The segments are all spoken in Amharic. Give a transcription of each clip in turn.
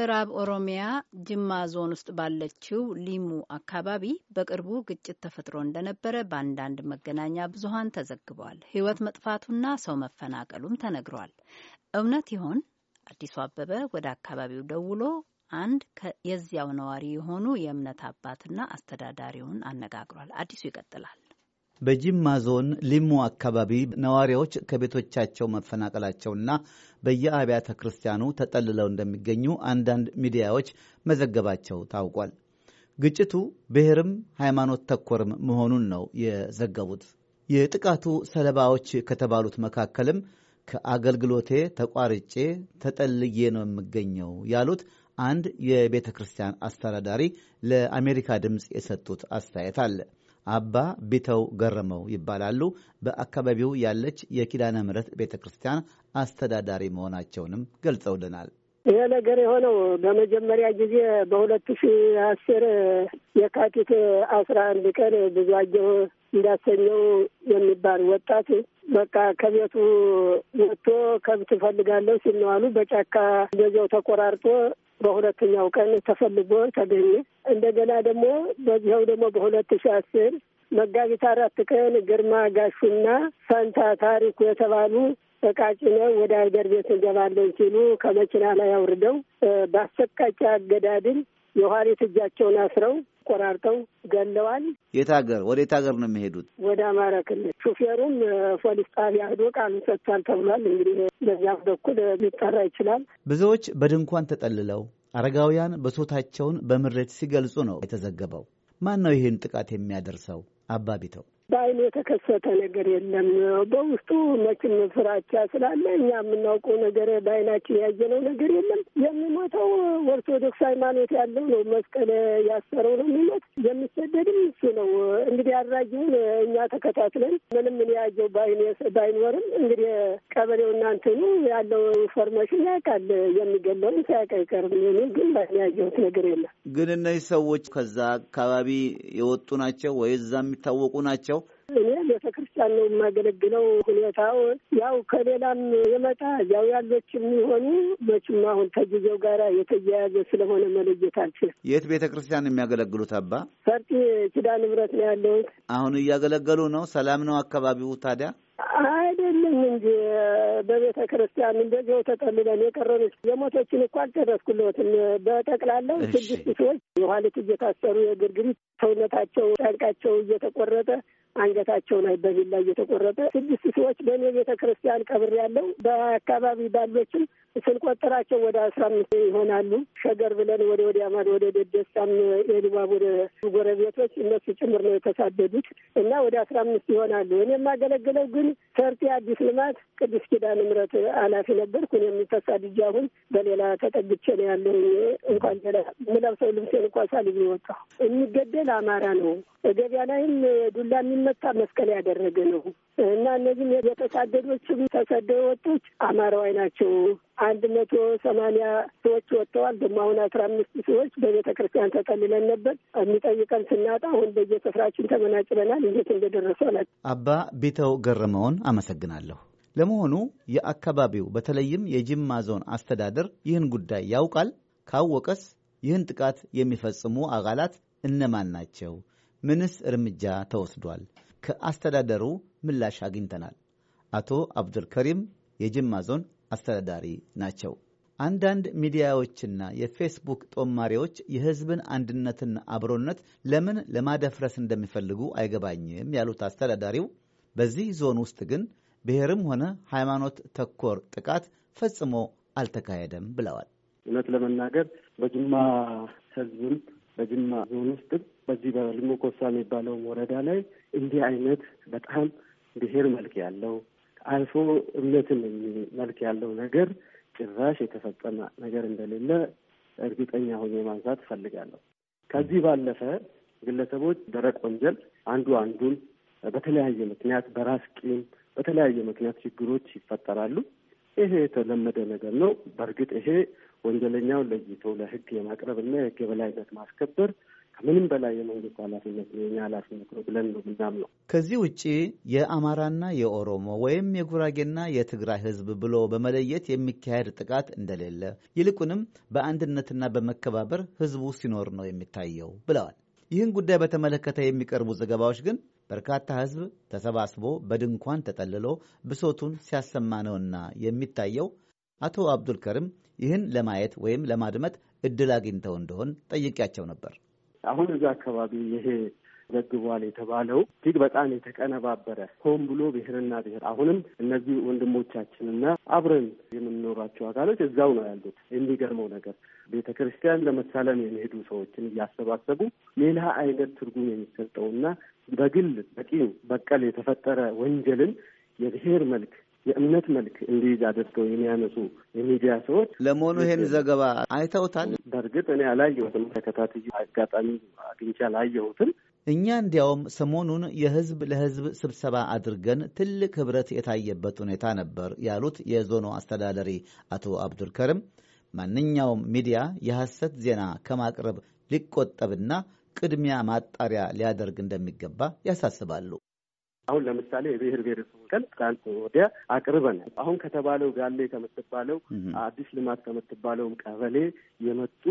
ምዕራብ ኦሮሚያ ጅማ ዞን ውስጥ ባለችው ሊሙ አካባቢ በቅርቡ ግጭት ተፈጥሮ እንደነበረ በአንዳንድ መገናኛ ብዙኃን ተዘግቧል። ሕይወት መጥፋቱና ሰው መፈናቀሉም ተነግሯል። እውነት ይሆን? አዲሱ አበበ ወደ አካባቢው ደውሎ አንድ የዚያው ነዋሪ የሆኑ የእምነት አባትና አስተዳዳሪውን አነጋግሯል። አዲሱ ይቀጥላል። በጂማ ዞን ሊሙ አካባቢ ነዋሪዎች ከቤቶቻቸው መፈናቀላቸውና በየአብያተ ክርስቲያኑ ተጠልለው እንደሚገኙ አንዳንድ ሚዲያዎች መዘገባቸው ታውቋል። ግጭቱ ብሔርም ሃይማኖት ተኮርም መሆኑን ነው የዘገቡት። የጥቃቱ ሰለባዎች ከተባሉት መካከልም ከአገልግሎቴ ተቋርጬ ተጠልዬ ነው የምገኘው ያሉት አንድ የቤተ ክርስቲያን አስተዳዳሪ ለአሜሪካ ድምፅ የሰጡት አስተያየት አለ። አባ ቢተው ገረመው ይባላሉ። በአካባቢው ያለች የኪዳነ ምሕረት ቤተ ክርስቲያን አስተዳዳሪ መሆናቸውንም ገልጸውልናል። ይሄ ነገር የሆነው በመጀመሪያ ጊዜ በሁለት ሺ አስር የካቲት አስራ አንድ ቀን ብዙአየሁ እንዳሰኘው የሚባል ወጣት በቃ ከቤቱ ወጥቶ ከብት ፈልጋለሁ ሲነዋሉ በጫካ በዚያው ተቆራርጦ በሁለተኛው ቀን ተፈልጎ ተገኘ። እንደገና ደግሞ በዚያው ደግሞ በሁለት ሺ አስር መጋቢት አራት ቀን ግርማ ጋሹና ፈንታ ታሪኩ የተባሉ በቃጭነ ወደ ሀገር ቤት እንገባለን ሲሉ ከመኪና ላይ አውርደው በአሰቃቂ አገዳድል የኋሊት እጃቸውን አስረው ቆራርጠው ገለዋል። የት ሀገር ወደ የት ሀገር ነው የሚሄዱት? ወደ አማራ ክልል። ሹፌሩም ፖሊስ ጣቢያ ሄዶ ቃሉን ሰጥቷል ተብሏል። እንግዲህ በዚያም በኩል ሊጠራ ይችላል። ብዙዎች በድንኳን ተጠልለው አረጋውያን ብሶታቸውን በምሬት ሲገልጹ ነው የተዘገበው። ማን ነው ይህን ጥቃት የሚያደርሰው? አባቢተው በአይን የተከሰተ ነገር የለም። በውስጡ መቼም ፍራቻ ስላለ እኛ የምናውቀው ነገር በአይናችን ያየነው ነገር የለም። የሚሞተው ኦርቶዶክስ ሃይማኖት ያለው ነው። መስቀል ያሰረው ነው የሚሞት። የሚሰደድም እሱ ነው። እንግዲህ አድራጊውን እኛ ተከታትለን ምንም ምን ያየው ባይኖርም እንግዲህ ቀበሌው እናንትኑ ያለው ኢንፎርሜሽን ያውቃል። የሚገለውን ሳያውቅ አይቀርም። እኔ ግን ያየሁት ነገር የለም። ግን እነዚህ ሰዎች ከዛ አካባቢ የወጡ ናቸው ወይ እዛ የሚታወቁ ናቸው? እኔ ቤተክርስቲያን ነው የማገለግለው። ሁኔታው ያው ከሌላም የመጣ ያው ያሎች የሚሆኑ መቼም አሁን ከጊዜው ጋር የተያያዘ ስለሆነ መለየት አልችልም። የት ቤተ ክርስቲያን የሚያገለግሉት አባ? ፈርጢ ኪዳነ ምሕረት ነው ያለሁት። አሁን እያገለገሉ ነው። ሰላም ነው አካባቢው ታዲያ? አይደለም እንጂ በቤተ ክርስቲያን እንደዚያው ተጠልለን የቀረነች የሞቶችን እኮ አልጨረስኩለትም። በጠቅላላው ስድስት ሰዎች የኋሊት እየታሰሩ የግርግሪት ሰውነታቸው ጫንቃቸው እየተቆረጠ አንገታቸው ላይ በቢላ እየተቆረጠ ስድስት ሰዎች በእኔ ቤተ ክርስቲያን ቀብር ያለው በአካባቢ ባሎችም ስንቆጠራቸው ወደ አስራ አምስት ይሆናሉ። ሸገር ብለን ወደ ወዲያ ማዶ ወደ ደደሳም የልባብ ወደ ጎረቤቶች እነሱ ጭምር ነው የተሳደዱት እና ወደ አስራ አምስት ይሆናሉ። እኔ የማገለግለው ግን ሰርቲ አዲስ ልማት ቅዱስ ኪዳን ምሕረት ኃላፊ ነበርኩ። እኔ የምፈሳድጃ አሁን በሌላ ተጠግቼ ነው ያለው። እንኳን ሌላ የምለብሰው ልብሴን እንኳ ሳልዬ ወጣሁ። የሚገደል አማራ ነው። ገበያ ላይም ዱላ እንዲመታ መስቀል ያደረገ ነው እና እነዚህም የተሳደዶችም ተሰደው ወጦች አማራዋይ ናቸው። አንድ መቶ ሰማንያ ሰዎች ወጥተዋል። ደግሞ አሁን አስራ አምስት ሰዎች በቤተ ክርስቲያን ተጠልለን ነበር። የሚጠይቀን ስናጣ አሁን በየስፍራችን ተመናጭበናል። እንዴት እንደደረሱ አላት። አባ ቢተው ገረመውን አመሰግናለሁ። ለመሆኑ የአካባቢው በተለይም የጅማ ዞን አስተዳደር ይህን ጉዳይ ያውቃል? ካወቀስ ይህን ጥቃት የሚፈጽሙ አካላት እነማን ናቸው? ምንስ እርምጃ ተወስዷል? ከአስተዳደሩ ምላሽ አግኝተናል። አቶ አብዱልከሪም የጅማ ዞን አስተዳዳሪ ናቸው። አንዳንድ ሚዲያዎችና የፌስቡክ ጦማሪዎች የሕዝብን አንድነትና አብሮነት ለምን ለማደፍረስ እንደሚፈልጉ አይገባኝም ያሉት አስተዳዳሪው፣ በዚህ ዞን ውስጥ ግን ብሔርም ሆነ ሃይማኖት ተኮር ጥቃት ፈጽሞ አልተካሄደም ብለዋል። እውነት ለመናገር በጅማ ሕዝብም በጅማ ዞን ውስጥ በዚህ በልሞ ኮሳ የሚባለው ወረዳ ላይ እንዲህ አይነት በጣም ብሔር መልክ ያለው አልፎ እምነትን መልክ ያለው ነገር ጭራሽ የተፈጸመ ነገር እንደሌለ እርግጠኛ ሆኜ ማንሳት እፈልጋለሁ። ከዚህ ባለፈ ግለሰቦች ደረቅ ወንጀል አንዱ አንዱን በተለያየ ምክንያት በራስ ቂም፣ በተለያየ ምክንያት ችግሮች ይፈጠራሉ። ይሄ የተለመደ ነገር ነው። በእርግጥ ይሄ ወንጀለኛው ለይቶ ለህግ የማቅረብ እና የህግ የበላይነት ማስከበር ከምንም በላይ የመንግስት ኃላፊነት ነው፣ የኛ ኃላፊነት ነው ብለን ነው ምናምነው። ከዚህ ውጭ የአማራና የኦሮሞ ወይም የጉራጌና የትግራይ ህዝብ ብሎ በመለየት የሚካሄድ ጥቃት እንደሌለ ይልቁንም በአንድነትና በመከባበር ህዝቡ ሲኖር ነው የሚታየው ብለዋል። ይህን ጉዳይ በተመለከተ የሚቀርቡ ዘገባዎች ግን በርካታ ሕዝብ ተሰባስቦ በድንኳን ተጠልሎ ብሶቱን ሲያሰማ ነውና የሚታየው። አቶ አብዱል ይህን ለማየት ወይም ለማድመጥ እድል አግኝተው እንደሆን ጠይቄያቸው ነበር። አሁን እዛ አካባቢ ይሄ ዘግቧል የተባለው እጅግ በጣም የተቀነባበረ ሆን ብሎ ብሔርና ብሔር አሁንም እነዚህ ወንድሞቻችንና አብረን የምንኖራቸው አካሎች እዛው ነው ያሉት። የሚገርመው ነገር ቤተ ክርስቲያን ለመሳለም የሚሄዱ ሰዎችን እያሰባሰቡ ሌላ አይነት ትርጉም የሚሰጠውና በግል በቂም በቀል የተፈጠረ ወንጀልን የብሔር መልክ የእምነት መልክ እንዲይዝ አድርገው የሚያነሱ የሚዲያ ሰዎች ለመሆኑ ይህን ዘገባ አይተውታል? በእርግጥ እኔ አላየሁትም። ተከታትዬ አጋጣሚ አግኝቼ አላየሁትም። እኛ እንዲያውም ሰሞኑን የህዝብ ለህዝብ ስብሰባ አድርገን ትልቅ ህብረት የታየበት ሁኔታ ነበር ያሉት የዞኑ አስተዳደሪ አቶ አብዱልከርም ማንኛውም ሚዲያ የሐሰት ዜና ከማቅረብ ሊቆጠብና ቅድሚያ ማጣሪያ ሊያደርግ እንደሚገባ ያሳስባሉ። አሁን ለምሳሌ የብሔር ብሔረሰቦች ቀን ትናንት ወዲያ አቅርበናል። አሁን ከተባለው ጋሌ ከምትባለው አዲስ ልማት ከምትባለውም ቀበሌ የመጡ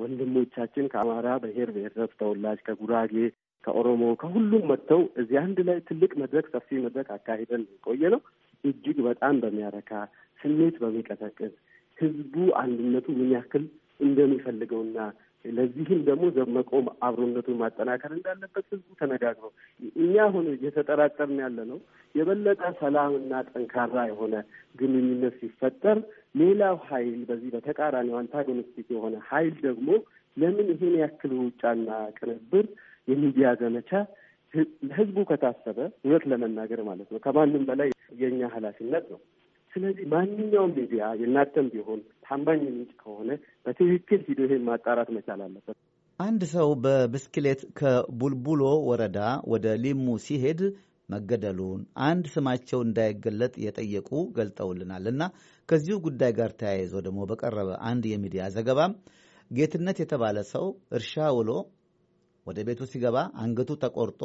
ወንድሞቻችን ከአማራ ብሔር ብሔረሰብ ተወላጅ፣ ከጉራጌ፣ ከኦሮሞ፣ ከሁሉም መጥተው እዚህ አንድ ላይ ትልቅ መድረክ ሰፊ መድረክ አካሂደን የቆየ ነው። እጅግ በጣም በሚያረካ ስሜት በሚቀሰቅስ ህዝቡ አንድነቱ ምን ያክል እንደሚፈልገውና ለዚህም ደግሞ መቆም አብሮነቱን ማጠናከር እንዳለበት ህዝቡ ተነጋግሮ እኛ አሁን እየተጠራጠርን ያለ ነው። የበለጠ ሰላምና ጠንካራ የሆነ ግንኙነት ሲፈጠር ሌላው ኃይል በዚህ በተቃራኒው አንታጎኒስቲክ የሆነ ኃይል ደግሞ ለምን ይሄን ያክል ውጫና ቅንብር የሚዲያ ዘመቻ ለህዝቡ ከታሰበ እውነት ለመናገር ማለት ነው ከማንም በላይ የእኛ ኃላፊነት ነው ስለዚህ ማንኛውም ሚዲያ የእናንተም ቢሆን ታማኝ ምንጭ ከሆነ በትክክል ሂዶ ይሄን ማጣራት መቻል አለበት። አንድ ሰው በብስክሌት ከቡልቡሎ ወረዳ ወደ ሊሙ ሲሄድ መገደሉን አንድ ስማቸው እንዳይገለጥ የጠየቁ ገልጠውልናል እና ከዚሁ ጉዳይ ጋር ተያይዞ ደግሞ በቀረበ አንድ የሚዲያ ዘገባም ጌትነት የተባለ ሰው እርሻ ውሎ ወደ ቤቱ ሲገባ አንገቱ ተቆርጦ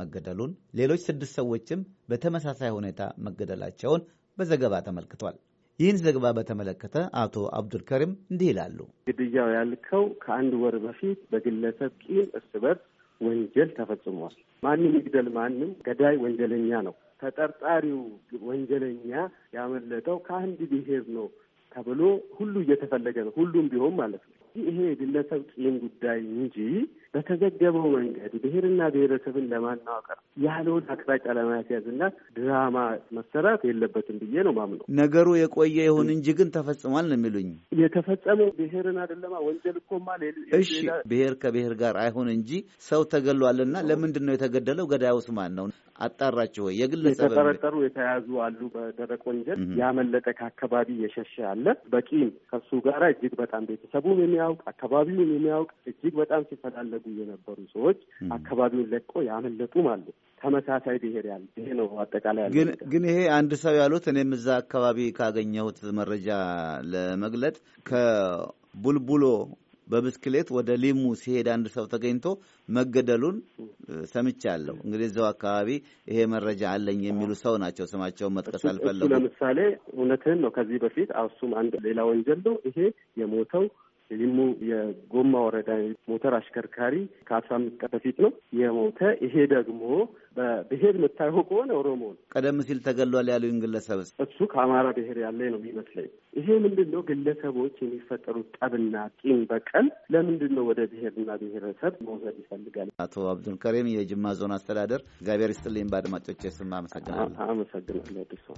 መገደሉን ሌሎች ስድስት ሰዎችም በተመሳሳይ ሁኔታ መገደላቸውን በዘገባ ተመልክቷል። ይህን ዘገባ በተመለከተ አቶ አብዱልከሪም እንዲህ ይላሉ። ግድያው ያልከው ከአንድ ወር በፊት በግለሰብ ቂም እርስ በርስ ወንጀል ተፈጽሟል። ማንም ይግደል ማንም፣ ገዳይ ወንጀለኛ ነው። ተጠርጣሪው ወንጀለኛ ያመለጠው ከአንድ ብሔር ነው ተብሎ ሁሉ እየተፈለገ ነው። ሁሉም ቢሆን ማለት ነው። ይሄ የግለሰብ ቂም ጉዳይ እንጂ በተዘገበው መንገድ ብሔርና ብሔረሰብን ለማናወቀር ያለውን አቅጣጫ ለማስያዝና ድራማ መሰራት የለበትም ብዬ ነው ማምነው። ነገሩ የቆየ ይሁን እንጂ ግን ተፈጽሟል ነው የሚሉኝ። የተፈጸመው ብሔርን አይደለማ ወንጀል እኮማ። እሺ ብሔር ከብሔር ጋር አይሆን እንጂ ሰው ተገሏልና ለምንድን ነው የተገደለው? ገዳዩስ ማን ነው? አጣራችሁ ወይ? የግለሰብ የተጠረጠሩ የተያዙ አሉ በደረቅ ወንጀል ያመለጠ ከአካባቢ የሸሸ አለ አለ። በቂ ከሱ ጋር እጅግ በጣም ቤተሰቡም የሚያውቅ አካባቢውን የሚያውቅ እጅግ በጣም ሲፈላለጉ የነበሩ ሰዎች አካባቢውን ለቆ ያመለጡም አሉ። ተመሳሳይ ብሄር ያለ ይሄ ነው አጠቃላይ ያለ። ግን ይሄ አንድ ሰው ያሉት እኔም እዛ አካባቢ ካገኘሁት መረጃ ለመግለጥ ከቡልቡሎ በብስክሌት ወደ ሊሙ ሲሄድ አንድ ሰው ተገኝቶ መገደሉን ሰምቻለሁ። እንግዲህ እዚያው አካባቢ ይሄ መረጃ አለኝ የሚሉ ሰው ናቸው። ስማቸውን መጥቀስ አልፈለጉም። ለምሳሌ እውነትህን ነው። ከዚህ በፊት እሱም አንድ ሌላ ወንጀል ነው። ይሄ የሞተው የሊሙ የጎማ ወረዳ ሞተር አሽከርካሪ ከአስራ አምስት ቀን በፊት ነው የሞተ። ይሄ ደግሞ በብሄር የምታየው ከሆነ ኦሮሞ ነው። ቀደም ሲል ተገሏል ያሉኝ ግለሰብ እሱ ከአማራ ብሄር ያለ ነው የሚመስለኝ። ይሄ ምንድን ነው? ግለሰቦች የሚፈጠሩት ጠብና ቂም በቀል ለምንድን ነው ወደ ብሄርና ብሄረሰብ መውሰድ ይፈልጋል? አቶ አብዱልከሪም የጅማ ዞን አስተዳደር፣ እግዚአብሔር ይስጥልኝ። በአድማጮች ስም አመሰግናለሁ። አመሰግናለሁ።